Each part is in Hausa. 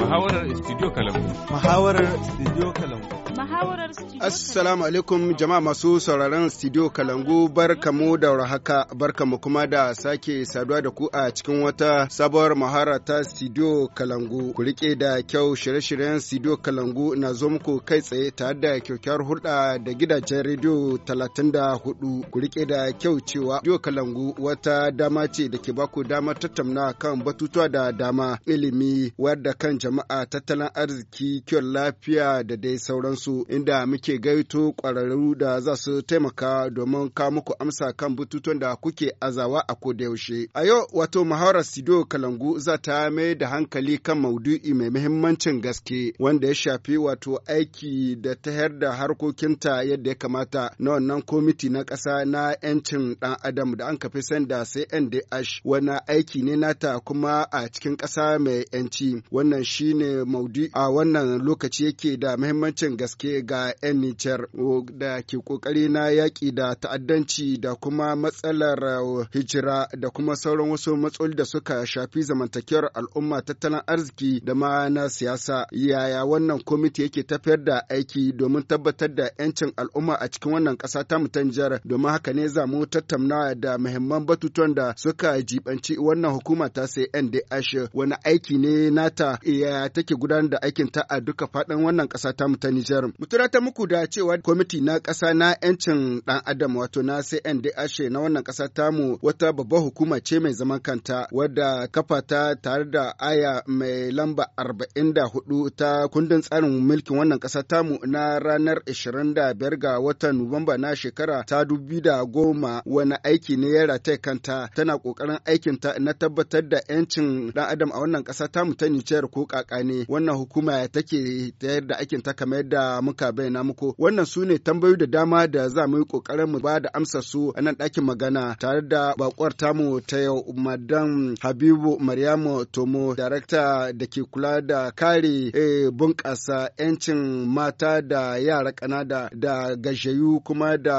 Muhawarar Studio Muhawarar Studio Assalamu alaikum jama'a masu sauraron Studio Kalangu barkamu da warhaka barkamu kuma da sake saduwa da ku a cikin wata sabuwar maharata ta Studio Kalangu. Ku rike da kyau shirye-shiryen Studio Kalangu na zo muku kai tsaye tare da kyakkyawar hulɗa da gidajen rediyo 34. Ku rike da kyau cewa Studio Kalangu wata dama ce da ke baku dama tattauna kan batutuwa da dama ilimi wadda kan jama'a tattalin arziki kiwon lafiya da dai sauransu inda muke gaito ƙwararru da za su taimaka domin ka muku amsa kan bututun da kuke azawa a yaushe. A yau wato muhawarar Sido Kalangu za ta mai da hankali kan maudu'i mai muhimmancin gaske wanda ya shafi wato aiki da ta da harkokinta yadda ya kamata na wannan komiti na ƙasa na 'yancin ɗan adam da an kafi sanda sai NDH wani aiki ne nata kuma a cikin ƙasa mai 'yanci wannan shine maudi a wannan lokaci yake da mahimmancin gaske ga 'yan Nijar da ke kokari na yaƙi da ta'addanci da kuma matsalar hijira da kuma sauran wasu matsaloli da suka shafi zamantakewar al'umma tattalin arziki da ma na siyasa yaya wannan kwamiti yake tafiyar da aiki domin tabbatar da 'yancin al'umma a cikin wannan ƙasa ta mu Nijar domin haka ne za mu tattauna da mahimman batutuwan da suka jibanci wannan hukuma ta sai NDH wani aiki ne nata e, yaya take gudanar da aikin ta a duka faɗin wannan ƙasa ta mu ta Nijar. Mutura ta muku da cewa kwamiti na ƙasa na 'yancin ɗan adam wato na CNDH na wannan ƙasa ta mu wata babbar hukuma ce mai zaman kanta wadda kafa ta tare da aya mai lamba 44 ta kundin tsarin mulkin wannan ƙasa ta mu na ranar 25 ga watan Nuwamba na shekara ta goma wani aiki ne ya rataye kanta tana ƙoƙarin aikinta na tabbatar da 'yancin ɗan adam a wannan ƙasa ta mu ta Nijar ko ko ne wannan hukuma take ta yadda aikin ta kamar yadda muka bayyana muku wannan su ne tambayoyi da dama da za mu yi kokarin mu ba da amsa su a nan ɗakin magana tare da bakuwar tamu ta yau madam habibu maryamu tomo darakta da ke kula da kare eh, bunƙasa 'yancin mata da yara ƙanada da gashayu kuma da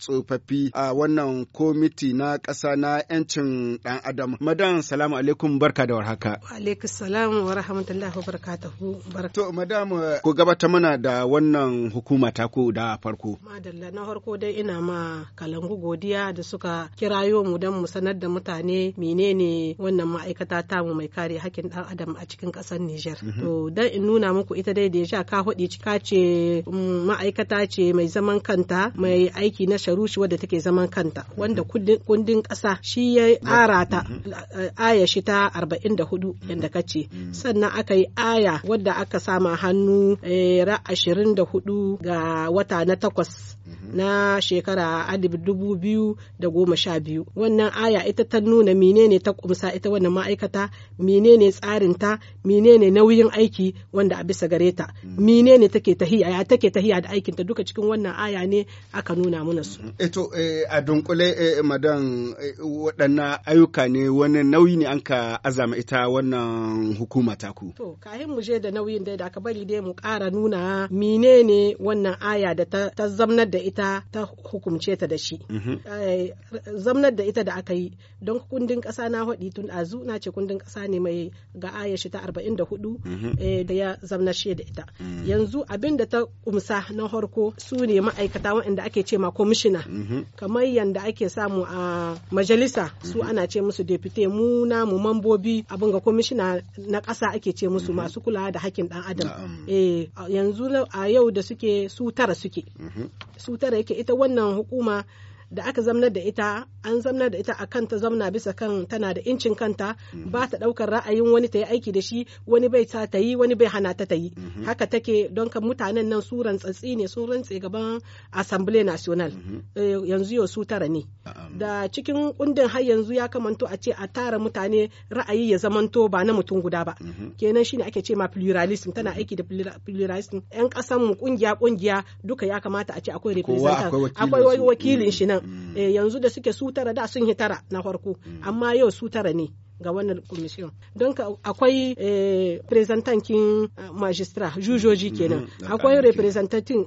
tsofaffi a wannan komiti na ƙasa na 'yancin ɗan adam madam salamu alaikum barka da warhaka alaikum salam wa rahmatullahi barakatuhu to madam eh, ku gabata mana da wannan hukuma ta ku da farko madalla na farko dai ina ma kalangu godiya da suka kirayo mu don mu sanar da mutane menene wannan ma'aikata ta mu mai kare hakkin dan adam a cikin kasar Niger mhm. to dan in nuna muku ita dai da ya ka hudi ka ce mm, ma'aikata ce mai zaman kanta mai aiki na sharushi wadda take zaman kanta wanda mhm. kundin kasa shi ya ara ta mhm. eh, aya ta 44 yanda kace sannan sannan aka yi aya wadda aka sama hannu eh, ra ashirin da hudu ga wata na takwas mhm. na shekara alif dubu biyu da goma sha biyu wannan aya ita ta nuna menene ta kumsa ita wannan ma'aikata menene tsarinta menene nauyin aiki wanda a bisa gare ta mhm. menene take tahiya ya take tahiya da aikinta duka cikin wannan aya ne aka nuna mana su mhm. eto eh, a dunkule eh, madan waɗannan ayyuka ne wani nauyi ne an ka azama ita wannan hukuma ta ku to mu je da nauyin dai da ka bari dai mu ƙara nuna menene wannan aya da ta zamnar da ita ta hukumce ta da shi mhm. eh, zamnar da ita da aka yi don kundin ƙasa na haɗi tun a na ce kundin ƙasa ne mai ga aya shi ta arba'in da hudu. Mhm. Eh, da ya zamnar shi da ita mm. yanzu abin da ta kumsa na harko su ne ma'aikata waɗanda ake ce ma komishina mhm. kamar yadda ake samu a majalisa su ana ce musu depute mu namu mambobi abin ga komishina na ƙasa ake ake ce musu mhm. masu kulawa da hakkin dan adam eh yanzu a yau da suke su tara suke mhm. su tara yake ita wannan hukuma da aka zamnar da ita an zamnar da ita a kan ta zamna bisa kan tana da incin kanta mhm. ba ta daukar ra'ayin wani ta yi aiki da shi wani bai ta ta yi wani bai hana ta ta yi mhm. haka take don kan mutanen nan su rantsatsi ne sun rantse gaban assembly national mhm. eh, yanzu yau su tara ne da cikin kundin har yanzu ya kamanto a ce a tara mutane ra'ayi ya zamanto ba na mutum guda ba kenan shine ake ce ma pluralism tana aiki da pluralism yan kasan mu kungiya kungiya duka ya kamata a ce akwai representative akwai wakilin shi nan nan yanzu da suke su tara da sun yi tara na farko mm. amma yau su tara ne ga wannan commission don akwai representantin magistra jujoji kenan akwai representantin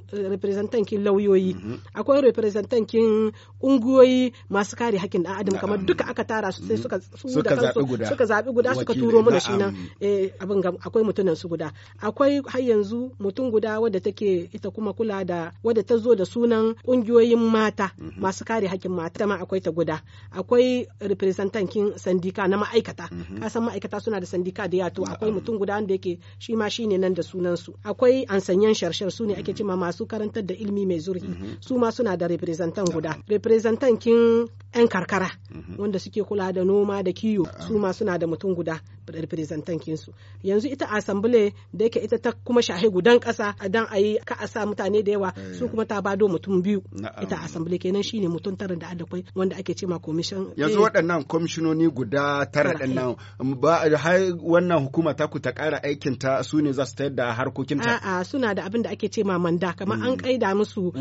lauyoyi akwai representantin ungiyoyi masu kare hakkin dan adam kamar duka aka tara su sai mm-hmm. suka suka zabi guda suka turo mana shi nan eh, abin akwai mutunan su guda akwai har yanzu mutum guda wadda take ita kuma kula da wadda ta zo da sunan kungiyoyin mata mm-hmm. masu kare hakkin mata ma akwai ta guda akwai representantin sandika na ma'aikata ma'aikata mhm. ka san ma'aikata suna da sandika da yato akwai mutum guda wanda yake shi ma shine nan da sunan su akwai ansanyan sharshar su ne ake cima masu karantar da ilimi mai zurfi mhm. su ma suna da representan guda representan kin yan karkara mhm. wanda suke kula da noma da kiyo su ma suna da mutum guda representan su yanzu ita asambile da yake ita ta kuma shahe gudan kasa dan ayi ka a sa mutane da yawa eh. su kuma ta bado mutum biyu ita asambile kenan shine mutum tara da adakwai wanda ake cema commission yanzu eh. waɗannan kwamishinoni guda tara nan ba har wannan hukuma ta ku ta kara aikin ta su ne za su tayar da harkokin ta a'a suna da abin da ake ce ma manda kamar an kaida hmm. musu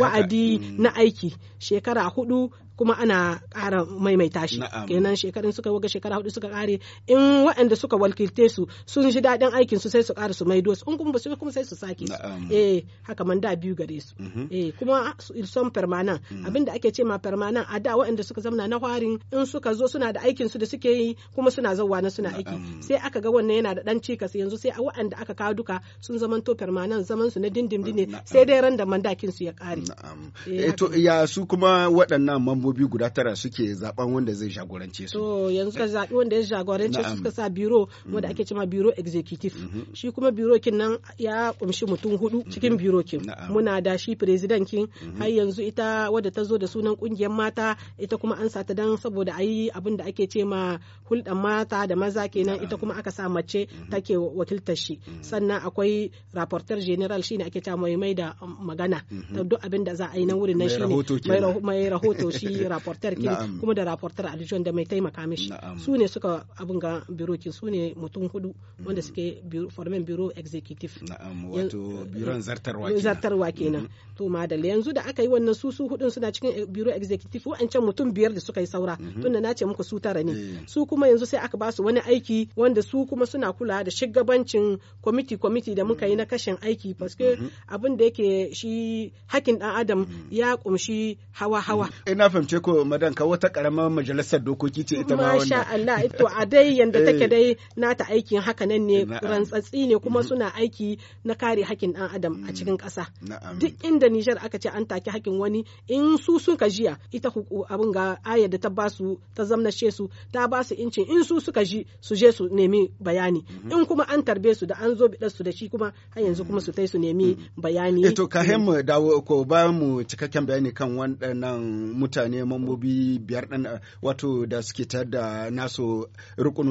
wa'adi na hmm. aiki shekara hudu kuma ana ƙara maimaita shi kenan shekarun suka waga shekara hudu suka ƙare in waɗanda suka walkilte su sun ji daɗin aikin su sai su ƙara su maido su in kuma su kuma sai su sake su eh haka man da biyu gare su mhm. eh kuma son permanent mhm. abinda ake ce ma permanent a da waɗanda suka zamana na hwarin in suka zo suna da aikin su da suke yi kuma suna zauwa na suna aiki sai aka ga wannan yana da dan cikas yanzu sai a waɗanda aka kawo duka sun to permanent zaman su na dindindin ne sai dai randa mandakin su ya ƙare eh, eh to ya su kuma waɗannan mambobi guda tara suke zaben wanda zai jagorance su to yanzu ka zaɓi wanda ya jagorance su suka sa biro wanda mm-hmm. ake cewa biro executive mm-hmm. shi kuma biro kin nan ya kumshi mutum hudu mm-hmm. cikin biro kin muna da shi president kin har yanzu ita wadda ta zo da sunan kungiyar mata ita kuma an sata dan saboda ayi abin da ake ce ma hulɗan mata da maza kenan ita kuma aka sa mace take wakiltar shi sannan akwai rapporteur general shine ake cewa mai mai da magana duk abin da za a yi na wurin nan ne mai rahoto shi yi rapporteur kiri kuma da rapporteur adjoint da mai taimaka mishi su ne suka abin ga biro kin su ne mutum hudu wanda mm. suke formen biro executive na'am wato biron zartarwa kenan zartarwa kenan mm-hmm. to madalla yanzu da aka yi wannan su su hudun suna cikin eh, biro executive wa'ancan mutum biyar da suka yi saura mm-hmm. tunda na ce muku su tara ne eh. su kuma yanzu sai aka ba su wani aiki wanda su kuma suna kula da shugabancin committee committee da muka yi na mm-hmm. kashin aiki paske abin da yake shi hakin dan adam ya kumshi hawa hawa ina eh, ce ko madan ka wata karamar majalisar dokoki ce ita ma wannan masha Allah eh, to a dai yanda take eh. dai nata aikin haka nan ne rantsatsi ne kuma mm-hmm. suna aiki na kare hakkin dan adam a mm. cikin kasa duk inda Nijar aka ce an take hakkin wani in su sun ka jiya ita abun ga ayar da ta ba su ta she su ta ba su incin in su suka ji su je su nemi bayani mm-hmm. in kuma an tarbe su da an zo bidar su da shi kuma har yanzu kuma su tai su nemi mm-hmm. bayani eh to ka hemu dawo ko ba mu cikakken bayani kan wannan mutane mutane mambobi biyar ɗan eh, wato da suke tar da nasu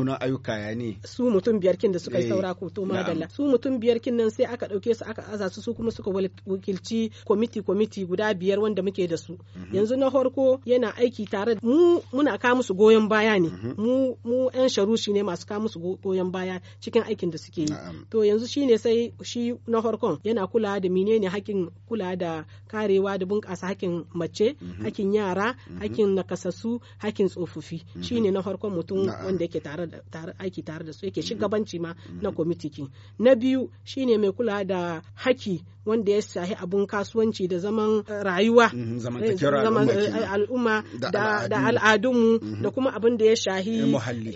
na ayyuka ya ne. Su mutum biyar kin da suka yi eh, saura ko to madalla. Su mutum biyar kin nan sai aka ɗauke su aka aza su su kuma suka wakilci kwamiti kwamiti guda biyar wanda muke da su. Mhm. Yanzu na farko yana aiki tare mu muna ka musu goyon baya ne. Mhm. Mu mu yan sharushi ne masu ka musu goyon baya cikin aikin da suke yi. To yanzu shine sai shi na farkon yana kula da menene hakkin kula da karewa da bunƙasa hakkin mace, mhm. hakkin yara, mata mm-hmm. hakin nakasassu hakin tsofaffi mm-hmm. shine na farkon mutum wanda yake tare da aiki tare da su yake mm-hmm. shigabanci ma na kwamitikin na biyu shine mai kula da haki wanda ya sahi abun kasuwanci da zaman eh, rayuwa mhm, eh, Zaman al'umma eh, da al'adunmu mhm. da kuma abin da ya shahi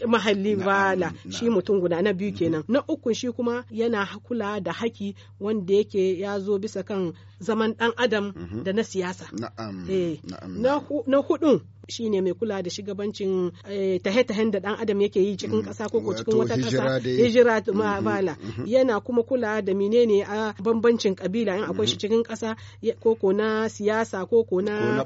muhalli bala shi mutum guda na biyu mhm. kenan na uku shi kuma yana kula da haki wanda yake ya zo bisa kan zaman dan adam da na siyasa na hudun shi ne mai kula da shigabancin tahe-tahen da dan adam yake yi cikin ƙasa ko cikin wata ƙasa hijira bala yana kuma kula da menene a ah, bambancin ƙabila kabila in akwai shi mm-hmm. cikin ƙasa koko na siyasa koko na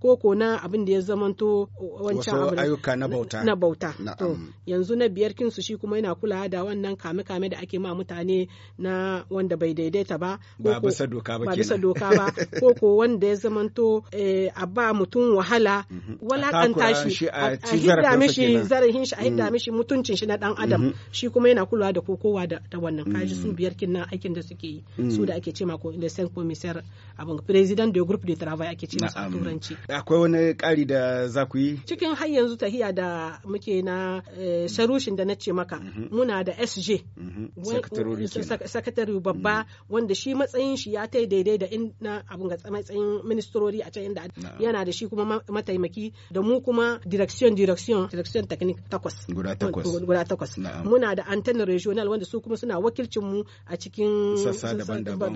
koko na abin da ya zamanto wancan ayyuka na bauta na bauta to yanzu na biyar kinsu shi kuma yana kula da wannan kame-kame da ake ma mutane na wanda bai daidaita ba ba bisa doka ba bisa doka ba koko wanda ya zamanto eh, a ba mutum wahala mm-hmm. walakanta shi a hidda mishi zarafin shi a hidda mm. mishi mutuncin shi na dan adam mm-hmm. shi kuma yana kulawa da kokowa da wannan kaji su mutum mm. biyar kinnan aikin da suke yi mm. su da ake ce ma ko sen commissaire abin president de groupe de travail ake ce a turanci akwai wani ƙari da za ku yi cikin har yanzu tahiya da muke na eh, sharushin da na ce maka mm-hmm. muna da sj mm-hmm. eh, secretary babba mm-hmm. wanda shi matsayin shi ya tai daidai da na abin ga matsayin ministrori a can inda yana da shi kuma mataimaki da mu kuma direction direction direction technique takwas guda takwas muna da antenna regional wanda su kuma suna wakilcin mu a cikin sassa daban-daban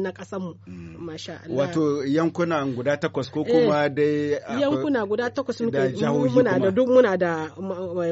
na mu mm. Masha Allah. Wato yankuna guda takwas ko eh, kuma dai yankuna guda takwas muke muna da duk muna da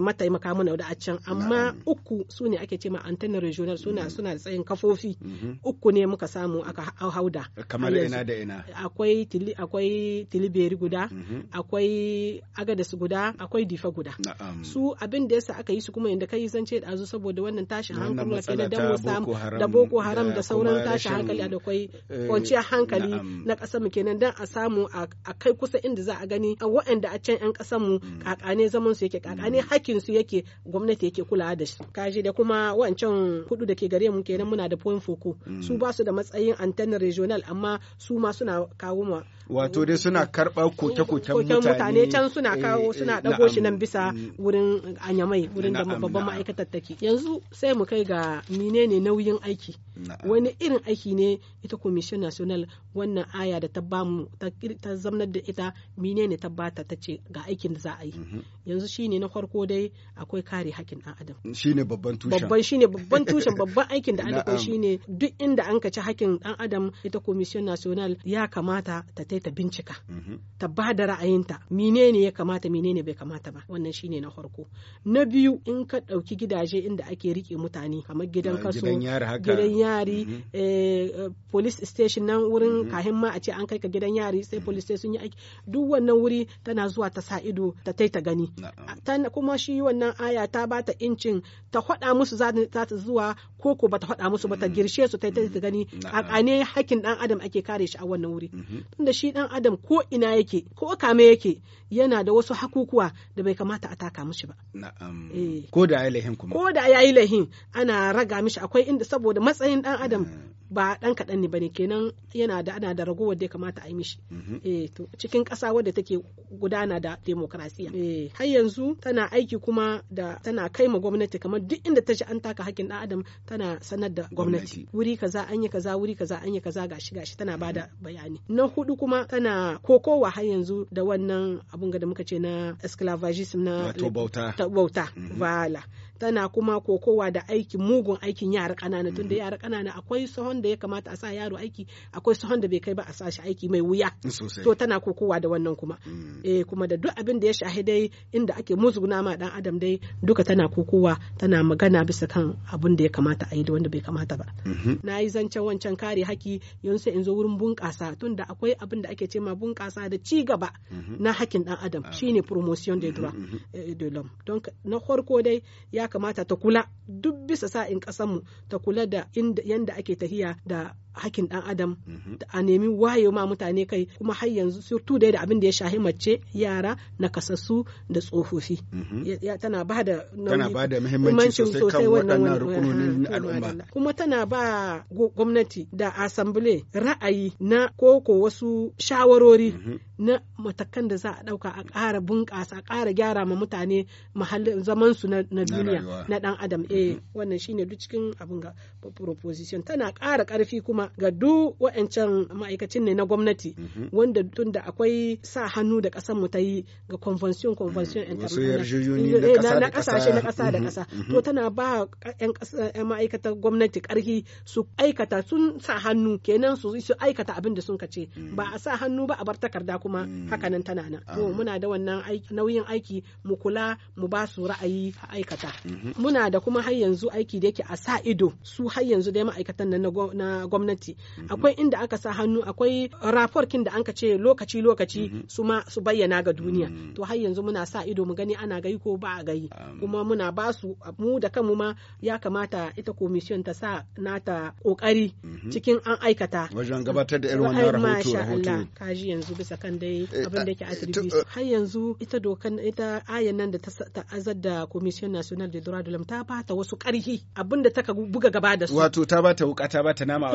mataimaka muna da a can amma uku su ne ake ce ma antenna regional suna mm. suna da tsayin kafofi mm-hmm. uku ne muka samu aka hauda. Kamar ina da ina. Akwai tili akwai tiliberi guda mm-hmm. akwai agadas guda akwai difa guda. Su abin da yasa aka yi su kuma inda kai zance da azu saboda wannan tashin hankali na da mu samu da boko haram da sauran tashi hankali da kwai eh, kwanciyar hankali na kasar mu kenan dan a samu a kai kusa inda za a gani waɗanda a can yan kasar mu mm. kakane zaman su yake kakane mm. hakkin su yake gwamnati yake kulawa da shi. kaji da kuma wancan kudu da ke gare mu kenan muna da point foko mm. su ba su da matsayin antenna regional amma su ma suna kawo mu wato dai suna karɓar koke-koken mutane can suna eh, kawo eh, suna ɗago shi nan bisa wurin anyamai wurin da babban ma'aikatar take yanzu sai mu kai ga menene nauyin filin aiki wani irin aiki ne ita commission national wannan aya da ta bamu ta zamnar da ita mine ne ta bata ta ce ga aikin da za a yi mhm. yanzu shine na farko dai akwai kare hakin dan adam shine babban tushen babban shine babban tushen babban aikin da ana kai shine duk inda an ka ci hakkin dan adam ita commission national ya kamata ta tai ta bincika mhm. ta ba da ra'ayinta mine ne ya kamata mine ne bai kamata ba wannan shine na farko na biyu in ka dauki gidaje inda ake rike mutane kamar gidan kaso gidan yari yari mhm. eh, eh, police station nan wurin mhm. kahin ma a ce an kai ka gidan yari sai police station yi aiki duk wannan wuri tana zuwa ta sa ido ta tai ta gani kuma shi wannan aya ta ba ta incin ta faɗa musu za ta zuwa ko ko ba ta faɗa musu ba ta mhm. girshe su tai ta gani a ne hakkin dan adam ake kare shi a wannan wuri tunda shi dan adam ko ina yake ko kame yake yana da wasu hakukuwa da bai kamata a taka mishi ba eh. ko da ya lahin kuma ko da ya yi lahin ana raga mishi akwai inda saboda matsayin jikin ɗan adam mm. ba dan kaɗan ne bane kenan yana da ana da ragowar da ya kamata a yi mishi mhm. eh to cikin ƙasa wadda take gudana da demokrasiya eh har yanzu tana aiki kuma da tana kai ma gwamnati kamar duk inda ta ji an taka hakkin ɗan adam tana sanar da gwamnati wuri kaza an yi kaza wuri kaza an yi kaza gashi gashi tana bada mhm. bayani na hudu kuma tana kokowa har yanzu da wannan abun da muka ce na esclavagism na bauta bauta mhm. vala tana kuma kokowa da aikin mugun aikin yara ƙanana tunda yara ƙanana akwai sahon wanda ya kamata a sa yaro aiki akwai sahon da bai kai ba a sa shi aiki mai wuya to tana kokowa da wannan kuma mm. eh kuma da duk abin da ya shahi dai inda ake muzguna ma dan adam dai duka tana kokowa tana magana bisa kan abin da ya kamata a yi da wanda bai kamata ba mm-hmm. na yi zancen wancan kare haki yanzu in zo wurin bunƙasa tunda akwai abin da ake ce ma bunƙasa da ci gaba mm-hmm. na hakin dan adam ah. shine promotion de droit mm-hmm, eh, de l'homme donc na farko dai ya kamata ta kula duk bisa sa in kasanmu ta kula da yanda ake tahiya da hakin dan adam mhm. a nemi wayo ma mutane kai kuma har yanzu surtu dai da abin da ya shahi mace yara nakasassu da tsofaffi mhm. tana ba da muhimmanci sosai kan waɗannan rukunonin al'umma kuma tana ba gwamnati da assembly ra'ayi na koko wasu shawarori mhm. na matakan da za a ɗauka a ƙara bunƙasa a ƙara gyara ma mutane mahallin zaman su na duniya na dan adam eh wannan shine duk cikin abin ga proposition tana ƙara kara karfi kuma ga duk wa'ancan ma'aikacin ne na gwamnati mhm. wanda tun da akwai sa hannu da ƙasar mu ta yi ga convention convention mhm. international eh, na kasashe na kasa da kasa mhm. to tana ba 'yan ma'aikatar gwamnati karfi su aikata sun sa hannu kenan su su aikata abin da sun kace ba a sa hannu ba a bar takarda kuma hakanan tana nan ah. to muna da wannan nauyin aiki mu kula mu ba su ra'ayi a aikata muna da kuma har yanzu aiki da yake a sa ido su har yanzu dai ma'aikatan nan na gwamnati mhm. akwai inda aka sa hannu akwai raforkin da anka ce lokaci lokaci mhm. su ma su bayyana ga duniya mhm. to har yanzu muna sa ido mu gani ana gai ko ba a gai kuma muna ba su mu da kanmu ma ya kamata ita commission ta sa nata kokari cikin an aikata wajen gabatar da irin wannan rahoto allah. kaji yanzu bisa kan dai eh, abin da yake eh, eh, har yanzu ita dokan ita ayan nan da ta azar da commission national de droit de l'homme ta bata wasu karhi abinda ta buga gaba da su wato ta bata wuka ta bata ta nama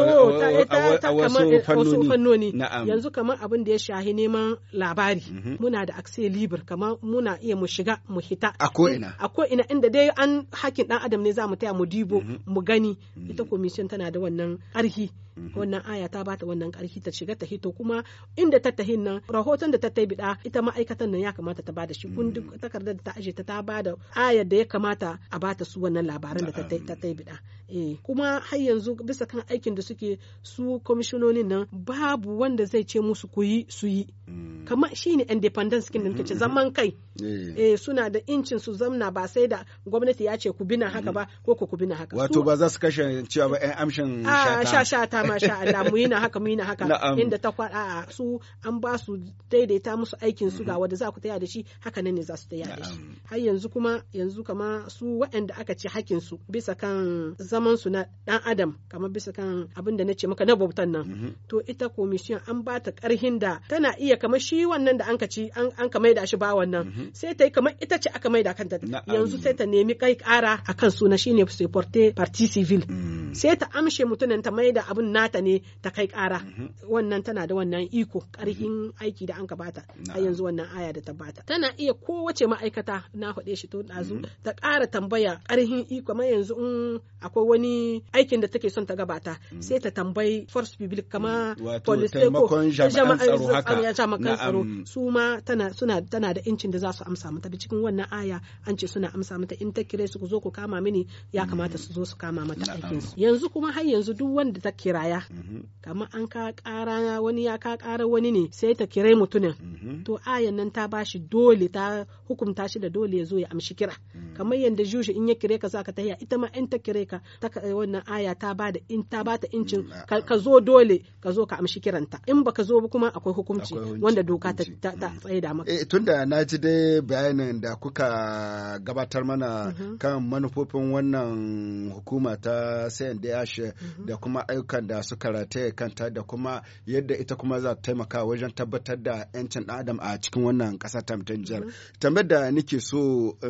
a wasu fannoni yanzu kamar abin da ya shahi neman labari mhm. muna da akse libir kamar muna iya mu shiga mu hita a ko'ina a ina inda dai an hakin dan adam ne za mu taya mu dibo mhm. mu gani mhm. ita komishin tana da wannan arhi wannan aya ta bata wannan karfi ta shiga ta hito kuma inda ta tahin nan rahoton da ta ta bida ita ma'aikatan nan ya kamata ta bada shi kun duk takardar da ta aje ta ta bada ayar da ya kamata a bata su wannan labaran da ta ta bida Mm. kuma har yanzu bisa kan aikin da suke su kwamishinonin nan babu wanda zai ce musu ku yi su yi mm. kamar shi ne independence kin da ce mm-hmm. zaman kai eh suna da incin su zamna ba sai da gwamnati ya ce ku bina haka mm. ba ko ku bina haka wato ba za su kashe cewa ba ƴan amshin ah, sha sha shata sha Allah mu yi na haka mu yi na haka inda ta kwada su an ba su daidaita musu aikin su ga mm-hmm. wanda za ku taya da shi haka nan ne za su taya da shi har yanzu kuma yanzu kama su waɗanda aka ce hakkin su bisa kan zama zaman su na dan adam kamar bisa kan abin da ce maka na bautan nan mhm. to ita an ba ta karhin da tana iya kamar shi wannan da anka ci an ka maida shi ba wannan mhm. sai ta yi kamar ita ce aka maida kanta yanzu sai ta nemi kai kara akan suna shine porte parti civil mm. sai ta amshe mutunan ta maida abin nata ne ta kai kara mhm. wannan tana da wannan iko karhin aiki da anka bata a yanzu wannan aya da ta bata tana iya kowace ma'aikata na faɗe shi to ɗazu ta ƙara tambaya karhin iko ma yanzu in akwai wani aikin da take son ta gabata mm. sai ta tambayi force public kama mm. police ko jama'an tsaro su ma tana suna tana da incin da za su amsa mata da cikin wannan aya an ce suna amsa mata in ta kire su ku zo ku kama mini ya mm. kamata su zo su kama mata aikin su yanzu kuma har yanzu duk wanda ta kiraya mm-hmm. kamar an ka kara wani ya ka kara wani ne sai ta kirai mutumin mm-hmm. to ayan nan ta bashi dole ta hukunta shi da dole ya zo ya amshi kira kamar yanda jushi in ya kire ka zaka tahiya ita ma in ta kire ka Eh, wannan aya ta ba da in ta ba ta incin ka zo dole ka zo ka amshi kiranta in baka zo ba kuma akwai hukunci wanda doka ta mm. tsaida maka eh tunda na ji dai bayanin da kuka gabatar mana mm-hmm. kan manufofin wannan hukuma ta CNDH mm-hmm. da kuma ayyukan da suka rataye kanta da kuma yadda ita kuma za ta taimaka wajen tabbatar da 'yancin dan adam a cikin wannan kasa ta mutanjar mm-hmm. tambayar da nake so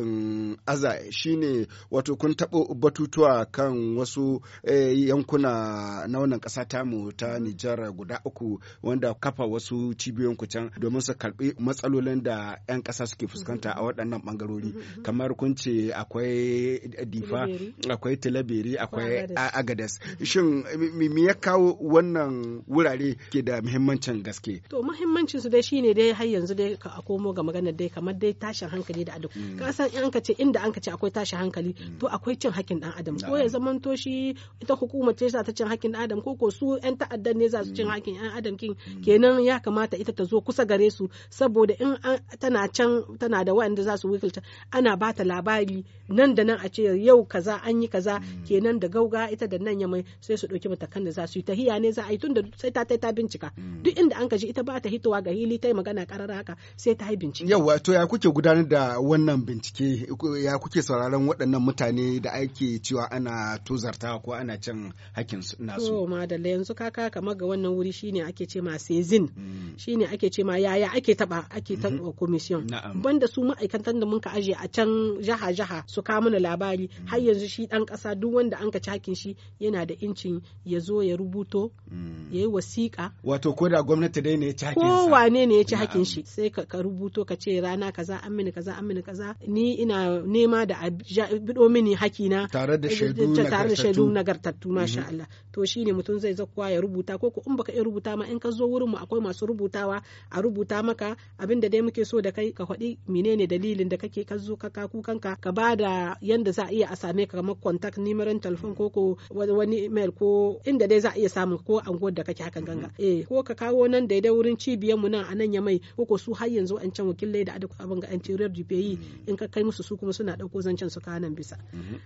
in aza shine wato kun tabo batutuwa kan kan wasu eh, yankuna na wannan ƙasa tamu ta Nijar guda uku wanda kafa wasu cibiyoyin ku can domin su karbi matsalolin da 'yan ƙasa suke fuskanta a waɗannan ɓangarori mm-hmm. kamar kun ce akwai difa akwai tilaberi akwai agadas mm-hmm. shin me ya kawo wannan wurare ke da muhimmancin gaske to muhimmancin su dai shine dai har yanzu dai ka komo ga magana dai kamar dai tashin hankali da adu mm. ka san in ka ce inda an ka ce akwai tashin hankali mm. to akwai cin hakkin dan adam ko yanzu zamanto ita hukuma ce za ta cin hakkin adam ko ko su yan ta'adda ne za su cin mm. hakkin yan adam kin mm. kenan ya kamata ita ta zo kusa gare su saboda in tana can tana da wanda za su wakilta ana ba ta labari nan da nan a ce yau kaza an yi kaza mm. kenan da gauga ita da nan ya mai sai su ɗauki matakan da za su yi tahiya ne za a yi tunda sai ta ta bincika duk inda an kaji ita ba ta hitowa ga hili ta yi magana karara haka sai ta yi bincike yawa to ya kuke gudanar da wannan bincike ya kuke sauraron waɗannan mutane da ake cewa ana ana tuzarta ko ana cin hakkin nasu to madalla yanzu kaka kamar ga wannan wuri shine ake ce ma sezin mm. shine ake ce ma yaya ake taba ake mhm. taba commission banda su ma'aikatan da muka aje a can jaha jaha su kawo mana labari mm. har yanzu shi dan kasa duk wanda an ka ci hakkin shi yana da incin ya zo ya rubuto mm. ya yi wasiƙa wato ko da gwamnati dai ne ya ci hakkin ko wane ne ya ci hakkin shi sai ka rubuto ka ce rana kaza an mini kaza an mini kaza ni ina nema da a bido mini hakina tare da eh, shaidu da tare da shaidu nagartattu masha mm-hmm. Allah to shine mutum zai zakuwa ya rubuta ko in baka iya rubuta ma in ka zo wurin mu akwai masu rubutawa a rubuta maka abin da dai muke so da kai ka faɗi menene dalilin da kake ka zo ka kaku kanka ka ba da yanda za a iya a same ka kamar contact nimerin telefon ko ko wani email ko inda dai za a iya samu ko anguwar da kake hakan ganga mm-hmm. eh ko ka kawo nan daidai wurin cibiyar mu nan a nan ya mai ko ko su har yanzu an can wakilai da adadin abin ga anterior DPI mm-hmm. in ka kai musu su kuma suna dauko zancen su kanan bisa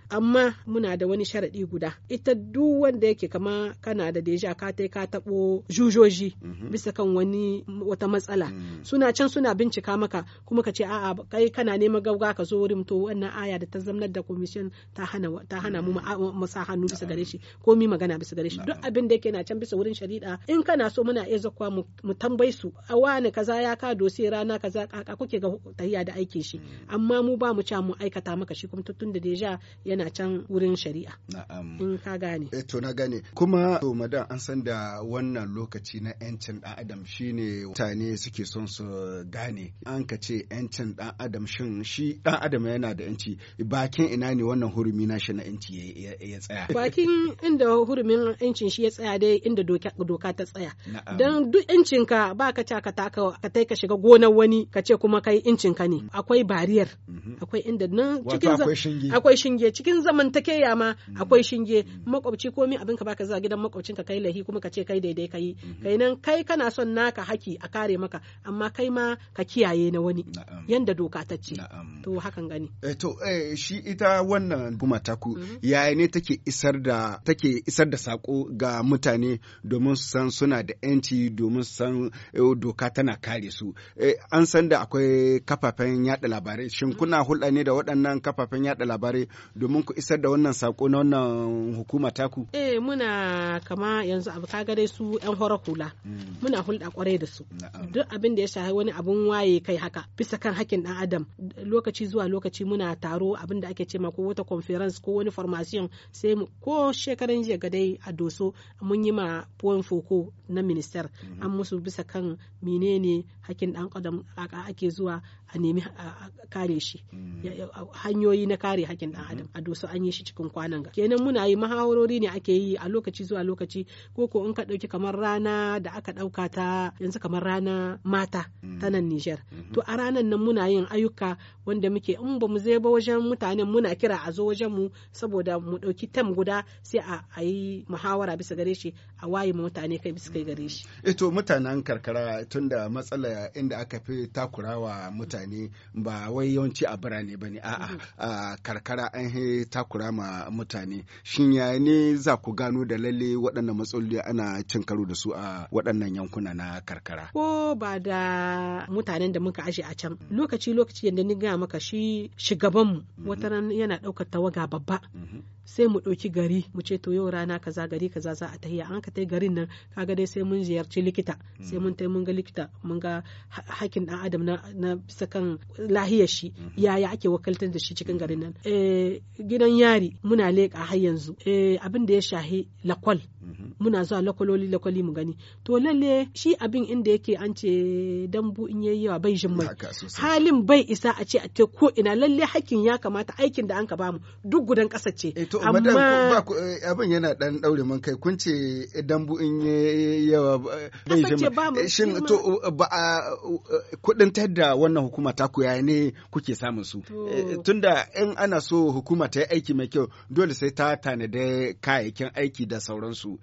amma muna da wani sharaɗi guda ita duk wanda yake kama kana da deja ka tai ka taɓo jujoji mhm. bisa kan wani wata matsala mhm. suna can suna bincika maka kuma ka ce a'a kai kana neman gauga ka zo wurin to wannan aya da ta zamnar da commission ta hana ta hana mu mhm. masa hannu bisa gare shi ko mi magana bisa gare shi duk abin da yake na can bisa wurin shari'a in kana so muna iya zakwa mu tambayi su wani kaza ya ka dosi rana kaza kaka kuke ga tahiya da aikin shi amma mu ba mu ca mu aikata maka shi kuma tun da deja yana can wurin shari'a Na'am. Eh, to na gane. Kuma to madan an san da wannan lokaci na yancin ɗan adam shine mutane suke son su gane. An ka ce yancin ɗan adam shin shi ɗan adam yana da yanci bakin ina ne wannan hurumi na shi na yanci ya tsaya. Bakin inda hurumin yancin shi ya tsaya dai inda doka ta tsaya. Dan duk yancin ka ba ka ca ka taka ka tai ka shiga gonar wani ka ce kuma kai yancin ka ne. Mm-hmm. Akwai bariyar. Mm-hmm. Akwai inda nan cikin akwai shinge cikin zamantakeya ma akwai mm. shinge mm. makwabci komai abin ka baka zuwa gidan makwabcin ka kai lahi kuma ka ce kai daidai kai mm-hmm. kai nan kai kana son naka haki a kare maka amma kai ma ka kiyaye na wani yanda doka ta ce to hakan gani eh to eh shi ita wannan kuma taku mm-hmm. yaya ne take isar da take isar da sako ga mutane domin su san suna da yanci domin su san eh, doka tana kare su eh, an san da akwai kafafen yada labarai shin mm-hmm. kuna hulɗa ne da waɗannan kafafen yada labarai domin ku isar da wannan sako na wannan hukuma taku eh muna kama yanzu abu kaga dai su yan hora hula hmm. muna hulɗa kwarai da su duk abin da ya shafi wani abun waye kai haka bisa kan hakkin ɗan adam lokaci zuwa lokaci muna taro abin da ake cema ko wata conference ko wani formation sai mu ko shekaran jiya gadai a doso mun yi ma point foko na minister hmm. an musu bisa kan menene hakkin dan adam ake zuwa a nemi kare shi hmm. hanyoyi na kare hakkin dan adam a doso an yi shi cikin kwanan nan kenan muna yi mahawarori ne ake yi a lokaci zuwa lokaci ko ko in ka dauki kamar rana da aka dauka ta yanzu kamar rana mata ta mm. nan Niger mm-hmm. to a ranan nan muna yin ayyuka wanda muke in ba mu zai ba wajen mutanen muna kira a zo wajen mu saboda mu dauki tam guda sai a yi muhawara bisa gare shi a waye mutane kai bisa kai gare shi eh to mutanen karkara tunda matsala inda aka fi takurawa mutane ba wai yawanci a birane bane a'a mm-hmm. karkara an takura ma mutane shin ya ne za ku gano da lalle waɗannan matsaloli ana cin karo da su a waɗannan yankuna na karkara ko ba da mutanen da muka aje a can lokaci lokaci yadda ni gaya maka shi shugabanmu mm-hmm. wata yana ɗaukar tawaga babba mm-hmm. sai mu ɗauki gari mu ce to yau rana kaza gari kaza za a tahiya an ka tai garin nan kaga dai sai mun ziyarci likita mm. sai mun tai ga likita mun ga hakkin dan adam na bisa kan lahiyar shi mm-hmm. yaya ake wakaltar da shi cikin garin nan eh, gidan yari muna leƙa har yanzu eh, abin da ya shahi lakwal mm-hmm. muna zuwa lakwaloli lakwali mu gani to lalle shi abin inda yake an ce dambu in yayi yawa bai jin mai halin bai isa a ce a ko ina lalle hakkin ya kamata aikin da an ka bamu duk gudan kasa ce eh, amma eh, abin yana dan daure man kai kun ce eh, dambu in yawa bai jima. Shin to uh, ba kudin uh, uh, kuɗin wannan hukuma ta koya ne kuke samun su. Eh, tunda in ana so hukuma ta yi aiki mai kyau dole sai ta tanada kayayyakin aiki da sauransu.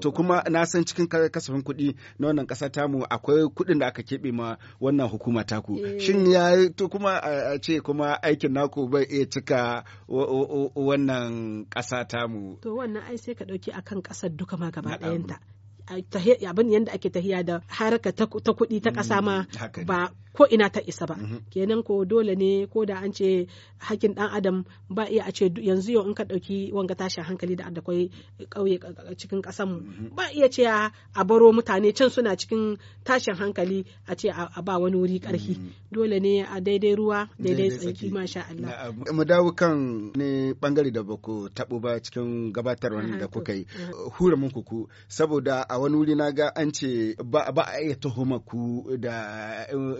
To kuma na san cikin kasafin kuɗi na wannan ƙasa mu akwai kuɗin da aka keɓe ma wannan hukuma ku. Shin ya to kuma a ce kuma aikin naku bai iya cika wannan ƙasa ta mu. To wannan ai sai ka ɗauki akan ƙasar duka ma gaba ɗayanta. abin yadda ake tahiya da haraka ta kuɗi ta ƙasa mm, ma ba ko ina ta isa ba mhm. kenan ko dole ne ko da an ce hakin dan adam ba iya a ce yanzu yau in ka dauki wanga tashin hankali da kai kauye cikin kasan mhm. ba iya ce a baro mutane can suna cikin tashin hankali a ce a ba wani wuri karfi mhm. dole ne a daidai ruwa daidai tsaki masha Allah mu dawo kan ne bangare da bako tabo ba cikin gabatar wani da kuka yi hura mun kuku saboda a wani wuri na ga an ce ba a iya tuhuma ku da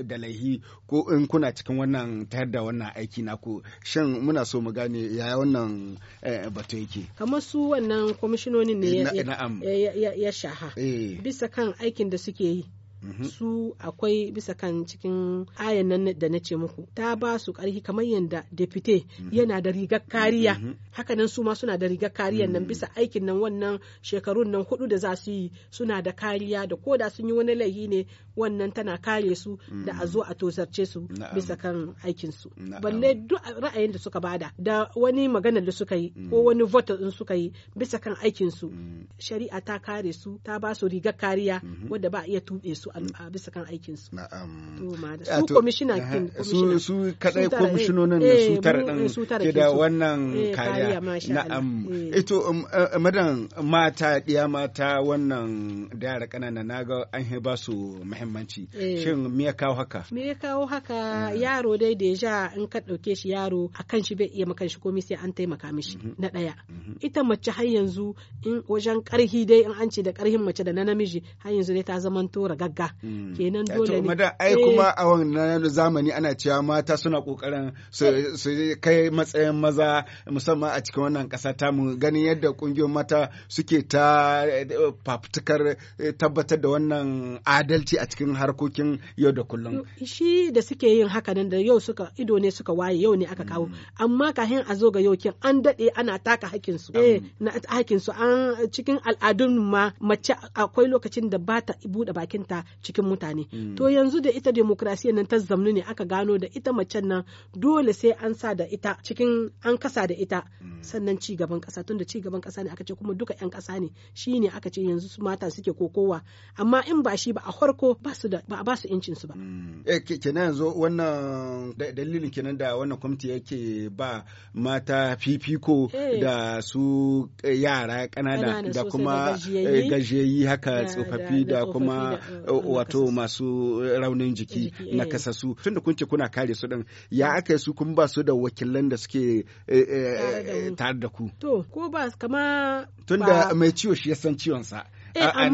da ainihi ko in kuna cikin wannan tayar da wannan aiki naku shan muna so mu gane yaya wannan eh, batu yake kamar su wannan kwamishinonin ne ya shaha eh. bisa kan aikin da suke yi mm-hmm. su akwai bisa kan cikin ayan nan da na ce muku ta ba su karhi kamar yadda depute mm-hmm. yana da rigar kariya mm-hmm. haka nan hakanan su ma suna da rigar kariya nan bisa aikin nan wannan shekarun nan hudu da za su yi suna da kariya da ko da sun yi wani laihi ne wannan tana kare su da a zo a tosarce su bisa kan aikin su balle duk ra'ayin da suka bada da wani maganar da suka yi ko mm. wani vote din suka yi bisa kan aikin su mm. shari'a ta kare su ta ba su rigar kariya mm-hmm. wadda ba a iya tuɓe su a bisa kan aikin eh, su eh, su kwamishina su kadai kwamishinonin su tara dan eh, ke da wannan kariya na'am ito um, madan mata diya mata wannan da yara na naga an ba su muhimmanci muhimmanci eh. shin me ya kawo haka me ya kawo haka eh. yaro dai deja in ka ɗauke shi yaro a kan shi bai iya makan shi komai sai an taimaka mishi mhm. na daya mhm. ita mace har yanzu in wajen karhi dai in an ce da karhin mace da na namiji har yanzu dai ta zaman tora gagga hmm. kenan dole ne ai eh. kuma a wannan zamani ana cewa mata suna kokarin su kai matsayin maza musamman a cikin wannan kasa ta mu ganin yadda kungiyoyin mata suke ta fafutukar tabbatar da wannan adalci a cikin cikin harkokin yau da kullum shi da suke yin haka nan da yau suka ido ne suka waye yau ne aka kawo mm. amma kahin a zo ga yau kin an dade ana taka hakkin su eh na hakkin su an cikin al'adun ma mace akwai lokacin da ba ta bude bakin ta cikin mutane mm. to yanzu da ita demokrasiyyar nan ta zamnu ne aka gano da ita macen nan dole sai an sa da ita cikin an kasa da ita mm. sannan ci gaban kasa tunda ci gaban kasa ne aka ce kuma duka yan kasa ne shine aka ce yanzu su mata suke kokowa amma in ba shi ba a farko ba a ba su incin su ba eh kenan yanzu wannan dalilin kenan da wannan kwamiti yake ba mata fifiko eh. da su eh, yara kanada da kuma gajiyayi eh, haka tsofaffi da kuma wato masu raunin jiki na kasasu tunda kun ce kuna kare su din ya aka yi su kun ba su da wakilan da suke tare da ku to ko ba kama tunda mai ciwo shi ya san ciwon sa Eh, haka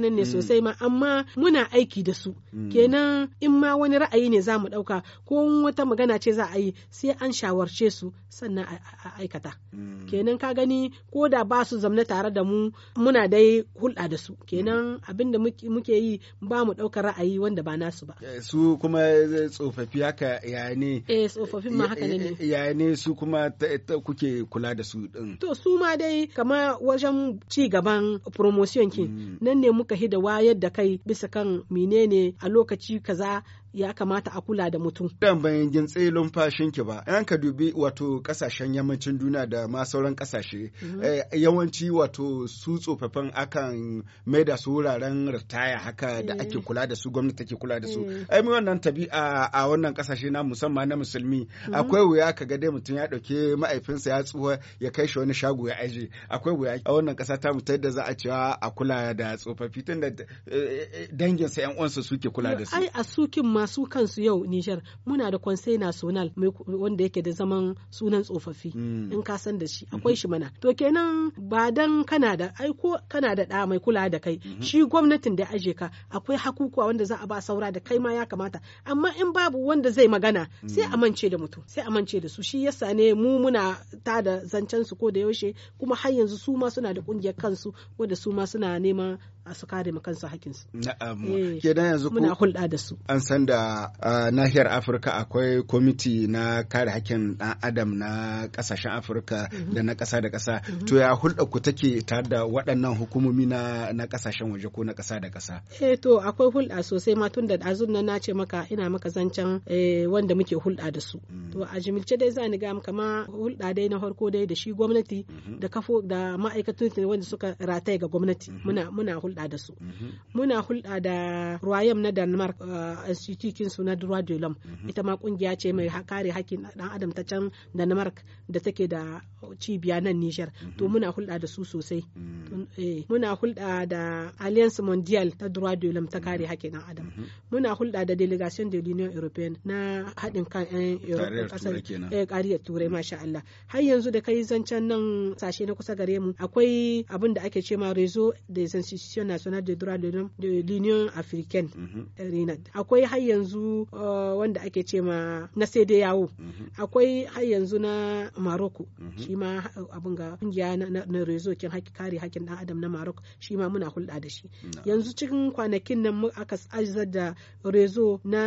nan ne mm. sosai ma amma muna aiki da su mm. kenan in ma wani ra'ayi ne za mu ɗauka ko wata magana ce za a yi sai an shawarce su sannan a aikata mm. kenan ka gani ko da ba su zamna tare da mu muna dai hulɗa da su kenan abin da muke yi ba mu ɗauka ra'ayi wanda ba nasu ba eh, su kuma eh, tsofaffi haka ya eh tsofaffi ma haka ne ya ne su kuma kuke kula da su din to su ma dai kamar wajen ci gaban promotion ki mm. nan ne muka hida wayar da kai bisa kan menene a lokaci kaza ya kamata a kula da mutum. Dan ban gintse lumfashin ki ba. Yan ka dubi wato kasashen yammacin duniya da ma sauran kasashe. Mhm. Eh, yawanci wato su tsofaffin akan maida su wuraren ritaya haka da ake eh. kula da su gwamnati take kula da su. Eh. Ai wannan tabi'a a wannan kasashe na musamman na musulmi. Mhm. Akwai wuya ka ga dai mutum ya dauke ma'aifinsa ya tsuwa ya kai shi wani shago ya aje. Akwai wuya a wannan kasa ta mu ta yadda za a cewa a kula da tsofaffi tunda danginsa yan uwansa suke kula da su. Ai a sukin ma masu kansu yau Nijar muna da Conseil National wanda yake da zaman sunan tsofaffi mm. in ka san da shi mm-hmm. akwai shi mana to kenan ba dan kana da aiko kana da da mai kula da kai mm-hmm. shi gwamnatin da aje ka akwai hakukuwa wanda za a ba saura da kai ma ya kamata amma in babu wanda zai magana mm. sai a mance da mutum sai a mance da su shi yasa ne mu muna ta da zancen su ko da yaushe kuma har yanzu su ma suna da kungiyar kansu wanda su ma suna neman a su kare ma kansu hakkin su na'am eh, kenan yanzu muna hulɗa da su an san da nahiyar afirka akwai kwamiti na kare hakkin ɗan adam na ƙasashen afirka da na ƙasa da ƙasa mhm. to ya hulɗa ku take tare da waɗannan hukumomi na na ƙasashen waje ko na ƙasa da ƙasa eh to akwai hulɗa sosai ma tun da azun nan na ce maka ina maka zancen eh, wanda muke hulɗa da su mm. to a jimilce dai za ni ga kama hulɗa dai na farko dai da shi gwamnati mhm. da kafo da ma'aikatan wanda suka rataye ga gwamnati mhm. muna muna hulɗa da su muna hulɗa da ruwayam na danmark uh, eh, hakkikin su na droit de l'homme mhm. ita ma kungiya ce mai kare hakkin dan adam ta can Denmark da take da cibiya nan Niger mhm. to muna hulɗa da su sosai mm. eh, muna hulɗa da Alliance mondial ta droit de l'homme ta mm. kare hakkin dan adam mhm. muna hulɗa da delegation de l'Union Européenne na haɗin kan yan kasar eh, kariyar turai mm. masha Allah har yanzu da kai zancen nan sashe na kusa gare mu akwai abin da ake cema réseau des institutions nationales de droit de l'homme de l'Union africaine akwai har yanzu uh, wanda ake ce ma na sai dai yawo mhm. akwai har yanzu na maroko mm -hmm. shi ma uh, abin ga kungiya na, na, rezo kare hakin dan adam na maroko shi ma muna hulɗa da shi no. yanzu cikin kwanakin nan mu aka ajizar da rezo na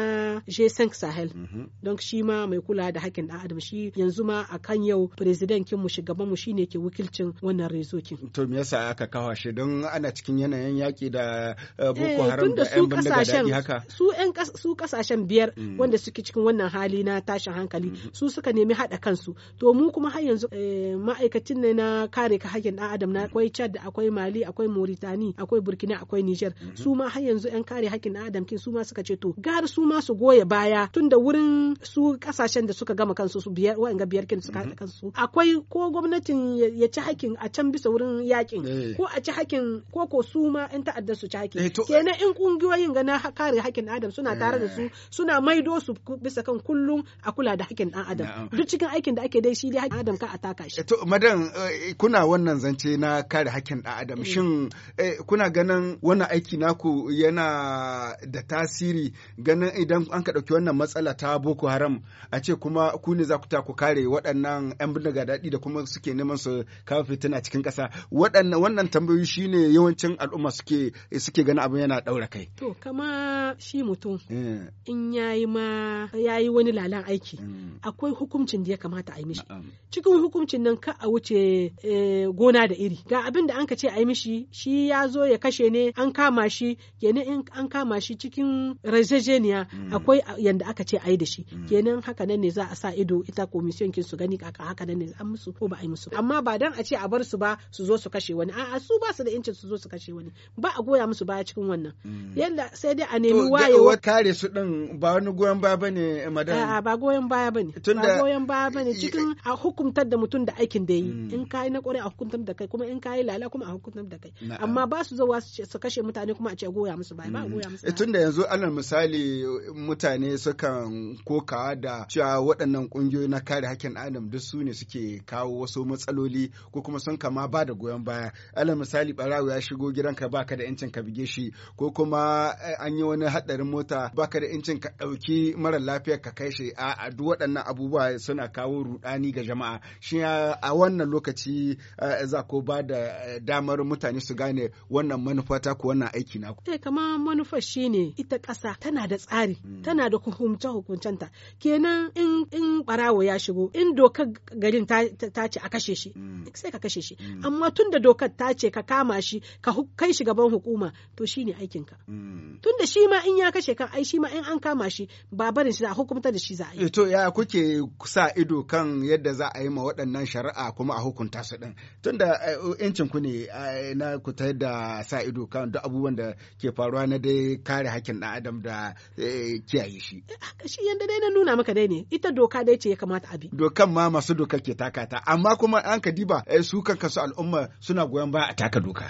g5 sahel mm -hmm. don shi ma mai kula da hakin dan adam shi yanzu ma a kan yau firizidankin mu shugaban mu shine ke wakilcin wannan rezo kin to me yasa aka kawo shi don ana cikin yanayin yaki da uh, boko eh, haram da yan bindiga daɗi haka su su kasashen biyar mm. wanda suke cikin wannan hali na tashin hankali mm-hmm. su suka nemi haɗa kansu to mu kuma har yanzu eh, ma'aikacin ne na kare ka haƙƙin ɗan adam na mm-hmm. akwai Chad akwai Mali akwai Mauritani akwai Burkina akwai Niger mm-hmm. su ma har yanzu yan kare haƙƙin ɗan adam kin su ma suka ce to gar su ma su goya baya tunda wurin su kasashen da suka gama kansu su biyar wa'anga biyar kin suka haɗa kansu akwai ko gwamnatin ya ci haƙƙin a can bisa wurin yaƙin eh. ko a ci haƙƙin ko ko su ma yan ta'adda su ci haƙƙi eh, kenan in kungiyoyin ga na kare haƙƙin adam suna tare tare da su suna maido su bisa kan kullum a kula da hakkin ɗan adam duk cikin aikin da ake dai shi dai hakkin adam ka a taka shi eh, to madan eh, kuna wannan zance na kare hakkin ɗan adam eh. shin kuna ganin wannan aiki naku yana da tasiri ganin idan an ka ɗauki wannan matsala ta boko haram a ce kuma ku ne za ku ta ku kare waɗannan 'yan bindiga daɗi da kuma suke neman su kawo fitina cikin ƙasa waɗannan wannan tambayoyi shine yawancin al'umma suke suke ganin abin yana ɗaura kai to kama shi mutum Eh. in yayi ma yayi wani lalan aiki mm. akwai hukuncin da ya kamata a yi mishi cikin hukuncin nan ka a wuce eh, gona da iri ga abin da an ka ce a yi mishi shi ya zo ya kashe ne an kama shi kenan in an kama shi cikin rajajeniya mm. akwai yanda aka ce a yi da shi mm. kenan haka nan ne za a sa ido ita komisiyon kin su gani kaka haka nan ne an musu ko ba a yi musu amma ba dan a ce a bar su ba su zo su kashe wani a'a su ba su da incin su zo su kashe wani ba a goya musu baya cikin wannan yalla sai dai a nemi wayewa kare su din ba wani goyon baya bane madan a ba goyon baya bane ba goyon baya bane cikin a hukuntar da mutum da aikin da mm. yi in kai na kware a hukuntar da kai kuma in kai lala kuma a hukuntar da kai amma ba su zo su kashe mutane kuma a ce goya musu baya ba mm. goya musu eh, tunda yanzu alal misali mutane sukan koka da cewa waɗannan kungiyoyi na kare hakkin adam duk su ne suke kawo wasu matsaloli ko kuma sun kama ba da goyon baya alal misali barawo ya shigo gidanka baka da yancin ka bige shi ko kuma eh, an yi wani hadarin mota ba baka da incin ka ɗauki mara lafiyar ka kai shi a duk waɗannan abubuwa suna kawo rudani ga jama'a shi a wannan lokaci eh, za ko ba da eh, damar mutane su gane wannan manufa ta ku wannan aiki naku. Eh kama manufar shine ita ƙasa tana da tsari hmm. tana da hukunce ta kenan in in barawo ya shigo in dokar garin ta ce a kashe shi hmm. sai ka kashe shi hmm. amma tun da dokar ta ce ka kama shi ka kai shi gaban hukuma to shine ka. tun da shi ma in ya kashe kan ai shi ma in an kama shi ba barin shi za a hukunta da shi za a yi. Eh, to ya kuke sa ido kan yadda za a yi ma waɗannan shari'a kuma a hukunta su ɗin tunda yancin eh, ku ne eh, na ku da sa ido kan duk abubuwan da ke faruwa na dai kare hakkin ɗan adam da kiyaye shi. Shi yadda dai na nuna maka dai ne ita doka dai ce ya kamata a bi. Dokan ma masu doka ke takata amma kuma an ka diba su kan kasu al'umma suna goyon baya a taka doka.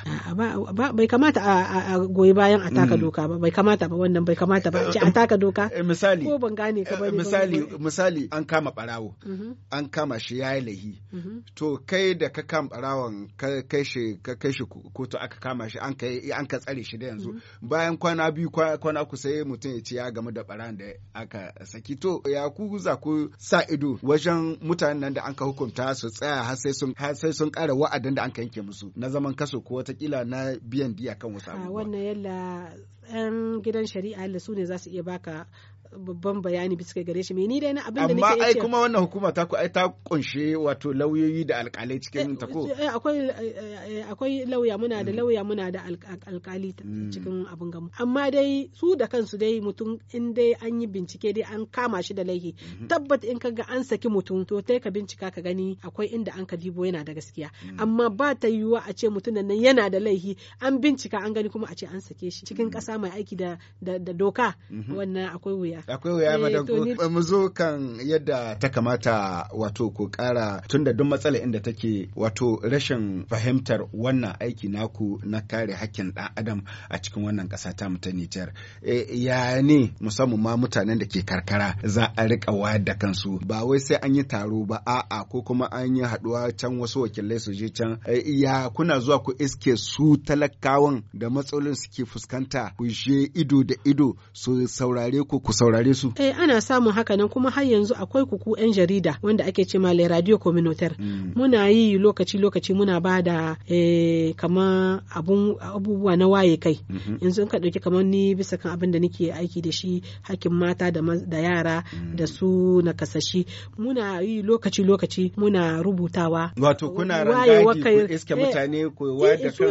Bai kamata a goyi bayan a taka mm. doka ba bai kamata ba wannan bai kamata ba ce a taka doka eh, misali ko ban gane ka eh, bane misali misali an kama barawo mhm. an kama shi yayi lahi mhm. to kai da ka kama barawon ka kai shi ka kai shi kotu aka kama shi an kai an ka tsare shi da yanzu mhm. bayan kwana biyu kwana ku sai mutum ya ci ya gamu da baran da aka saki to ya ku za ku sa ido wajen mutanen nan da an ka hukunta su tsaya har sai sun har sai sun kara wa'adin da an ka yanke musu na zaman kaso ko watakila na biyan diya kan wasu ah, abubuwa wannan yalla 'yan gidan shari'a da su ne za su iya baka babban bayani bisa gare shi ni dai na abin da nake amma ai kuma wannan hukuma ta ku ai ta kunshe wato lauyoyi da alkalai cikin eh, ta ko eh, akwai eh, akwai lauya muna da mm. lauya muna da alkali mm. cikin abin gamu amma dai su da kansu dai mutum in dai an yi bincike dai an kama shi da laifi mm-hmm. tabbat in ka ga an saki mutum to tai ka bincika ka gani akwai inda an ka dibo yana da gaskiya mm. amma ba ta yiwuwa a ce mutum nan yana da laifi an bincika an gani kuma a ce an sake shi cikin kasa mai aiki da da doka mm-hmm. wannan akwai wuya wuya akwai wuya eh, da mu zo kan yadda ta kamata wato ku kara tunda duk matsala inda take wato rashin fahimtar wannan aiki naku na kare hakkin ɗan adam a cikin wannan ƙasa ta mu ta Nijar eh, ya ne musamman ma mutanen da ke karkara za a rika wayar da kansu ba wai sai an yi taro ba a'a ko kuma an yi haduwa can wasu wakilai su je can eh, ya kuna zuwa ku iske su talakawan da matsalolin suke fuskanta ku je ido da ido su saurare ku ku saurare su eh ana samun haka nan kuma har yanzu akwai kuku yan jarida wanda ake ce ma radio communautaire mm. muna yi lokaci lokaci muna ba da eh, kama abubuwa na waye kai mm-hmm. yanzu ka ɗauki kamar ni bisa kan abin da nake aiki da shi hakkin mata da, da yara mm. da su nakasashi muna yi lokaci lokaci muna rubutawa wato kuna rangaji ku iske eh, mutane ku wayar da eh, su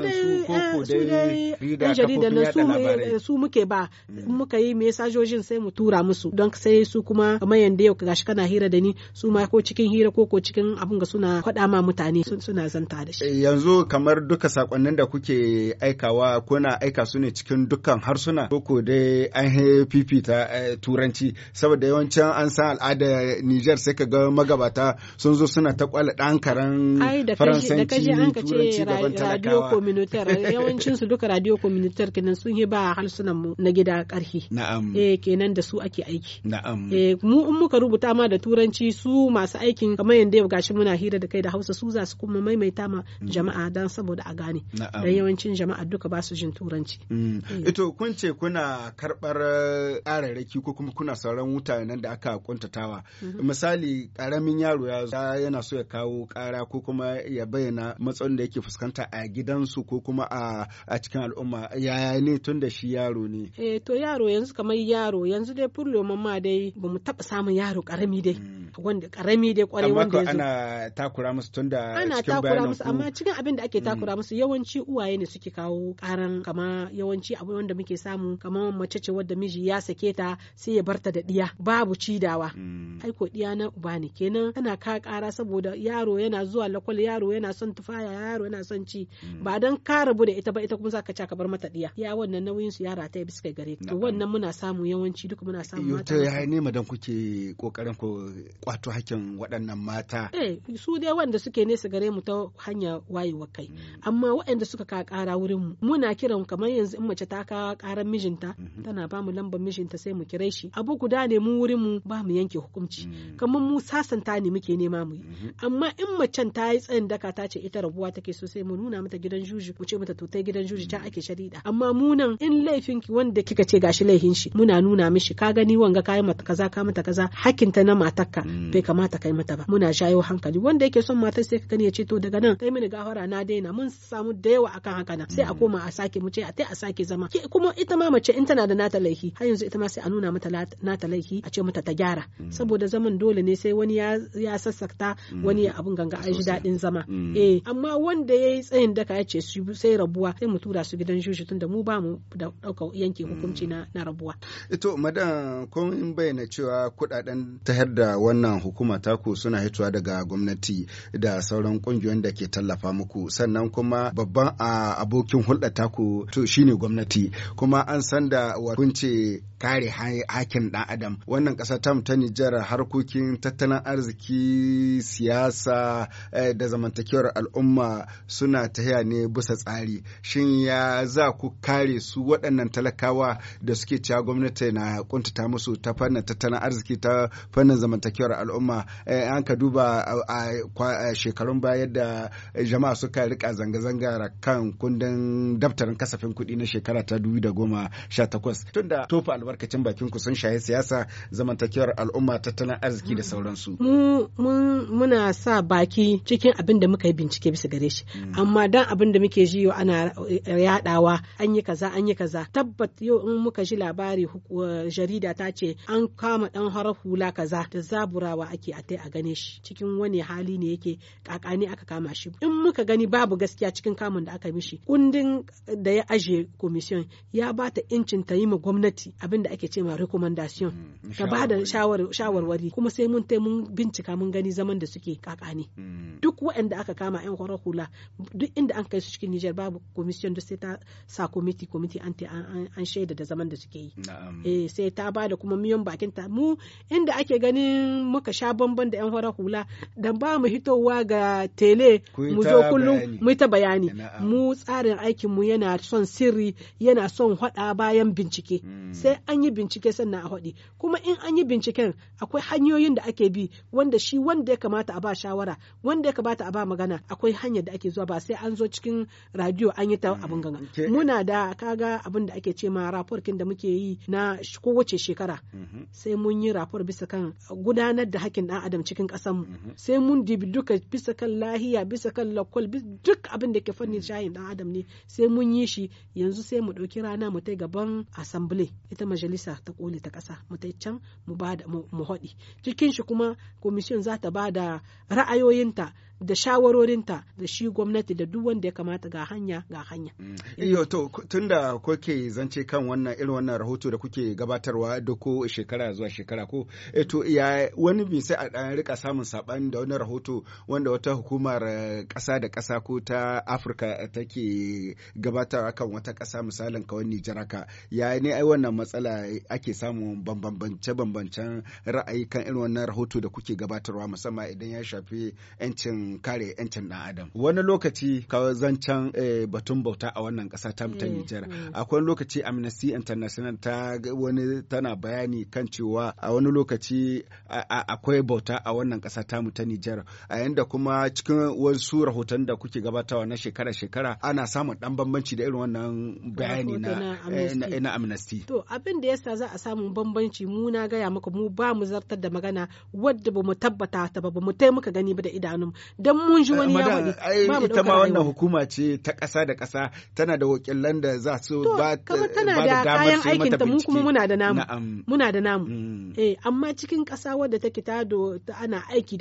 ko eh, ku dai jarida na su muke ba mm. muka yi mesajojin sai mutu. tura musu don sai su kuma kamar yanda yau gashi kana hira da ni su ma ko cikin hira ko ko cikin abun ga suna faɗa ma mutane suna zanta da shi yanzu kamar duka sakonnin da kuke aikawa kuna aika su ne cikin dukkan harsuna ko ko dai an fifita eh, turanci saboda yawancin an san al'ada Niger sai ka ga magabata sun zo suna ta kwala ɗan karan faransanci turanci gaban radio communautaire yawancin su duka radio communautaire kenan sun yi ba harsunan mu na gida karhi na'am eh kenan da su su ake aiki na'am eh, mu in muka rubuta ma da turanci su masu aikin kamar yanda gashi muna hira da kai da Hausa su za su kuma maimaita ma mm. jama'a dan saboda a gane dan yawancin jama'a duka ba su jin turanci mm. eh. ito kun ce kuna karbar ƙararraki eh, ko kuma kuna sauran mutanen da aka kuntatawa mm-hmm. misali ƙaramin yaro ya yana so ya kawo ƙara ko kuma ya bayyana matsalolin da yake fuskanta a gidansu ko kuma a cikin al'umma yaya ne tun da shi yaro ne eh to yaro yanzu kamar yaro yanzu da dai furlo ma dai ba mu taɓa samun yaro ƙarami dai. Mm. Wanda ƙarami dai ƙwarai wanda ya zo. Ana takura musu tun da Ana takura musu amma cikin abin da ake mm. takura musu yawanci uwaye ne suke kawo ƙaran kama yawanci abu wanda muke samu kama mace ce wadda miji ya sake ta sai ya barta da ɗiya babu cidawa. Mm. Aiko ɗiya na uba ne kenan tana ka ƙara saboda yaro yana zuwa lakwal yaro yana son tufaya yaro yana son ci ba dan ka rabu da ita ba ita kuma za ka ci ka bar mata ɗiya. Ya wannan nauyin su yara ta biska gare. To wannan muna samu yawanci duka muna samun mata. Yau madan kuke kokarin ku kwato hakkin waɗannan mata. Eh su dai wanda suke nesa gare mu ta hanya wayewa kai. Mm. Amma waɗanda suka ka ƙara wurin mu muna kiran kamar yanzu in mace ta ka ƙara mijinta mm-hmm. tana ba mu lambar mijinta sai mu kire shi. Abu guda ne mu wurin mu ba mu yanke hukunci. Mm. Kamar mu sasanta ne muke nema mu yi. Mm-hmm. Amma in macen ta yi tsayin daka ta ce ita rabuwa take so sai mu nuna mata gidan juji mu ce mata to gidan juji ta mm. ake sharida, Amma mu nan in laifinki wanda kika ce gashi laifin shi muna nuna mishi ka gani wanga kayi mata kaza ka mata kaza hakinta na matarka mm. bai kamata kai mata ba muna shayo hankali wanda yake son matar sai ka gani ya ce to daga nan kai mini gafara na daina mun samu da yawa akan haka nan sai a mm. koma a sake mu ce a tai a sake zama kuma ita ma mace in tana da nata laifi har yanzu ita ma sai a nuna mata nata laifi a ce mata ta gyara mm. saboda zaman dole ne sai wani ya sassakta wani abun ganga a ji dadin zama eh amma wanda yayi tsayin daka ya ce sai rabuwa sai mu tura su gidan juju tunda mu ba mu da ɗaukar yanke hukunci na rabuwa. Ito madan wannan kun bayyana cewa kudaden tahar da wannan hukuma taku suna hitowa daga gwamnati da sauran kungiyoyin da ke tallafa muku sannan kuma babban abokin hulɗa taku to shine gwamnati kuma an san da kun kare hakin ɗan adam wannan ƙasa tam ta Nijar harkokin tattalin arziki siyasa eh, da zamantakewar al'umma suna tahiya ne bisa tsari shin ya za ku kare su waɗannan talakawa da suke cewa gwamnati na kuntata musu ta fannin tattalin arziki ta fannin zamantakewar al'umma an eh, ka duba a shekarun baya da jama'a suka rika zanga-zanga kan kundin daftarin kasafin kuɗi na shekara ta takwas tunda tofa albarkacin bakin ku sun shaye siyasa zamantakewar al'umma tattalin arziki da sauransu. muna sa baki cikin abin da muka yi bincike bisa gare shi mm. amma dan abin da muke ji ana eh, yadawa an yi kaza an yi kaza tabbat yau in muka ji labari eh, jarida ta ce an kama dan harar hula kaza da zaburawa ake a tai a gane shi cikin wani hali ne yake kakani aka kama shi in muka gani babu gaskiya cikin kamun da aka mishi kundin da ya aje commission ya ba ta incin ta yi ma gwamnati abin da ake ce ma recommendation hmm, ta ba da shawarwari kuma sai mun tai mun bincika mun gani zaman da suke kakani hmm. duk waɗanda aka kama yan horar hula duk inda an kai su cikin nijar babu commission da sai ta sa committee committee an an shaida da zaman da suke yi eh, sai ta ba da kuma miyan bakin ta mu inda ake ganin muka sha bamban da yan fara hula dan ba mu hitowa ga tele mu zo kullum mu ta bayani mu tsarin aikin mu yana son sirri yana son hada bayan bincike hmm. sai an yi bincike sannan a hadi kuma in an yi binciken akwai hanyoyin da ake bi wanda shi wanda ya kamata a ba shawara wanda ya kamata a ba magana akwai hanyar da ake zuwa ba sai an zo cikin radio an yi ta hmm. abin ganga muna da kaga abin da ake ce ma raporkin da muke yi na ko kowace shekara mhm. sai mun yi rafar bisa kan gudanar da hakkin ɗan adam cikin mu mhm. sai mun dibi duka bisa kan lahiya bisa kan lakwal duk abin da ke fannin mhm. shayin ɗan adam ne sai mun yi shi yanzu sai mu ɗauki rana mu tai gaban asambile ita majalisa ta koli ta kasa mu tai can mu bada mu haɗi cikin shi kuma komishin za ta ba da ra'ayoyinta da shawarorinta da shi gwamnati da duk wanda ya kamata ga hanya ga hanya. Mm. Iyo to tunda kuke zance kan wannan irin wannan rahoto da kuke gabatarwa duk ko shekara zuwa shekara ko eh, to ya wani bi sai a dan rika samun sabani da wani rahoto wanda wata hukumar kasa eh, da kasa ko ta Afirka take gabatarwa kan wata kasa misalin ka Nijar haka ya ne ai wannan matsala ake samun bambance-bambancen ra'ayi kan irin wannan rahoto da kuke gabatarwa musamman idan ya shafi 'yancin kare 'yancin ɗan adam wani lokaci ka zancen eh, batun bauta a wannan ƙasa ta ta mm, Nijar mm. akwai lokaci Amnesty International ta wani tana bayani kan cewa a wani lokaci akwai bauta a wannan ƙasa ta ta Nijar a yanda kuma cikin wasu rahoton da kuke gabatawa na shekara-shekara ana samun ɗan bambanci da irin wannan bayani na eh, na Amnesty to abin da yasa za a samu bambanci mu na gaya maka mu ba mu zartar da magana wadda ba mu tabbata ta ba mu taimaka gani ba da idanun don mun ji eh, wani yawa ne ita ma wannan hukuma ce ta ƙasa da ƙasa tana da wakilan da za su ba da damar su mata bincike mu kuma muna da namu muna da namu mm. eh amma cikin ƙasa wadda take ta ana aiki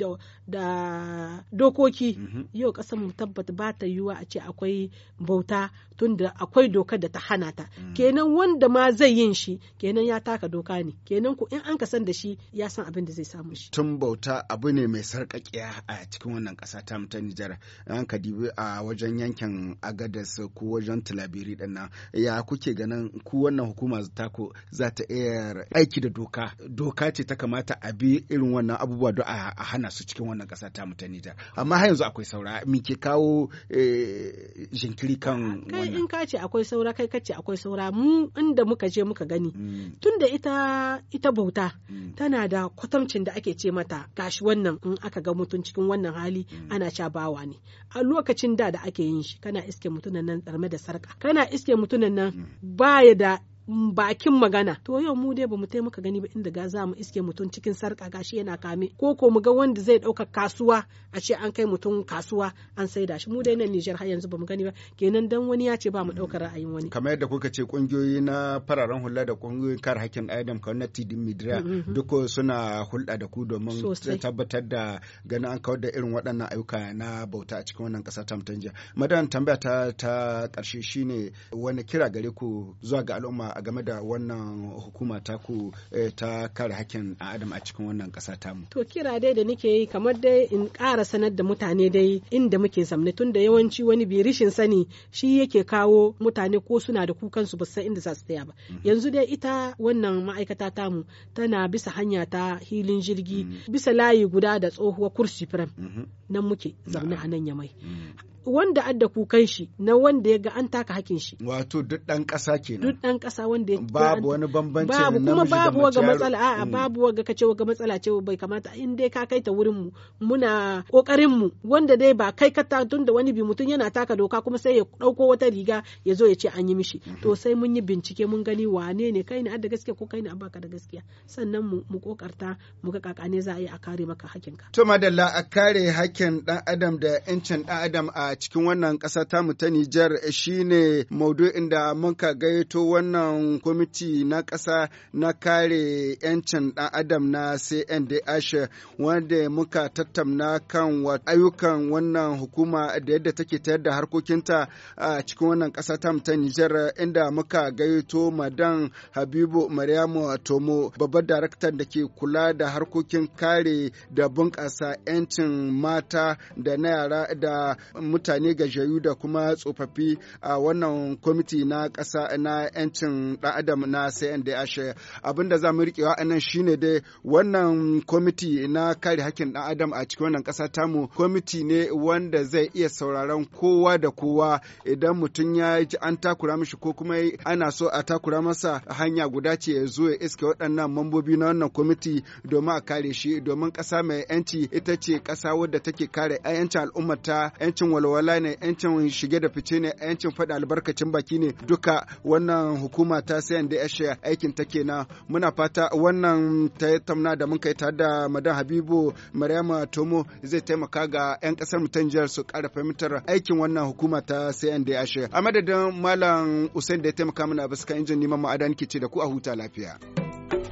da dokoki mm-hmm. yau ƙasar mu tabbata ba ta yiwa a ce akwai bauta tunda akwai dokar da ta hana ta mm. kenan wanda ma zai yin shi kenan ya taka doka ne kenan ku in an ka san da shi ya san abin da zai samu shi tun bauta abu ne mai sarƙaƙiya a cikin wannan kasa ta ta Nijar an ka dibi a wajen yankin Agadas ko wajen Tilabiri din nan ya kuke ganin ku wannan hukuma ta ko za ta iya aiki da doka doka ce ta kamata a bi irin wannan abubuwa do a hana su cikin wannan kasa ta ta Nijar amma har yanzu akwai saura me ke kawo eh, jinkiri kan wannan kai in ka ce akwai saura kai ka ce akwai saura mu inda muka je muka gani mm. tunda ita ita bauta mm. tana da kwatamcin da ake ce mata gashi wannan in aka ga mutum cikin wannan hali Mm. ana sha bawa ne a lokacin da da ake yin shi kana iske mutunan nan tsarme da sarka kana iske mutunan nan mm. baya da bakin magana to yau mu dai bamu taimaka gani ba inda ga za mu iske mutum cikin sarka gashi yana kame ko ko mu ga wanda zai ɗauka kasuwa a ce an kai mutum kasuwa an sai da shi mu dai nan Nijar har yanzu bamu gani ba kenan dan wani ya ce ba mu ɗaukar ra'ayin wani kamar yadda kuka ce kungiyoyi na fararen hulɗa da kungiyoyin kar hakkin adam kamar na Tidin Midra mm-hmm, mm-hmm. duk suna hulɗa da ku domin tabbatar da ganin an kawar da irin waɗannan ayyuka na bauta a cikin wannan ƙasa ta Mutanja madan tambaya ta ta ƙarshe shine wani kira gare ku zuwa ga al'umma a game da wannan hukuma ku eh, ta kare hakkin adam a cikin wannan kasa tamu. To kira dai da nake yi kamar dai in ƙara sanar da mutane dai inda muke zamne tun da yawanci wani bi rishin sani shi yake kawo mutane ko suna da kukan su san inda za su tsaya ba. Mhm. Yanzu dai ita wannan ma'aikata tamu tana bisa hanya ta hilin jirgi mhm. bisa layi guda da tsohuwar kursi firam. Mhm. nan muke zaune a nan yamai mm. wanda adda kukan shi na wanda ya ga an taka hakin shi wato duk dan kasa kenan duk dan kasa wanda ya babu wani bambanci babu kuma babu ga matsala a'a mm. babu waga kace waga matsala ce bai kamata in dai ka kai ta wurin mu muna kokarin mu wanda dai ba kai ka ta tunda wani bi mutun yana taka doka kuma sai ya dauko wata riga ya zo ya ce an yi mishi mm-hmm. to sai mun yi bincike mun gani wane ne kai ne adda gaskiya ko kai ne baka da gaskiya sannan mu mu kokarta mu ga kakane za a yi a kare maka hakinka to madalla a kare hakin hakkin ɗan adam da 'yancin ɗan adam a cikin wannan ƙasa mu ta Nijar shine maudu'in da muka gaito wannan kwamiti na ƙasa na kare 'yancin ɗan adam na CNDH wanda muka tattauna kan ayyukan wannan hukuma da yadda take tayar da harkokinta a cikin wannan ƙasa mu ta Nijar inda muka gaito madan Habibu Maryamu Tomo babbar daraktan da ke kula da harkokin kare da bunƙasa 'yancin mata mata da na yara da mutane gajayu da kuma tsofaffi a wannan kwamiti na ƙasa na 'yancin ɗan adam na CNDH abin da za mu riƙewa a nan shine dai wannan kwamiti na kare hakkin ɗan adam a cikin wannan ƙasa tamu kwamiti ne wanda zai iya sauraron kowa da kowa idan mutum ya ji an takura mishi ko kuma ana so a takura masa hanya guda ce ya zo ya iske waɗannan mambobi na wannan kwamiti domin a kare shi domin ƙasa mai 'yanci ita ce ƙasa wadda take take kare 'yancin al'ummar ta 'yancin walwala ne 'yancin shige da fice ne 'yancin faɗa albarkacin baki ne duka wannan hukuma ta sayan da yashe aikin ta kenan muna fata wannan ta tamna da mun kai tare da madan habibu maryama tomo zai taimaka ga 'yan kasar mu su ƙara fahimtar aikin wannan hukuma ta sayan da yashe a madadin malam usain da ya taimaka mana bisa injin neman ma'adan ke ce da ku a huta lafiya.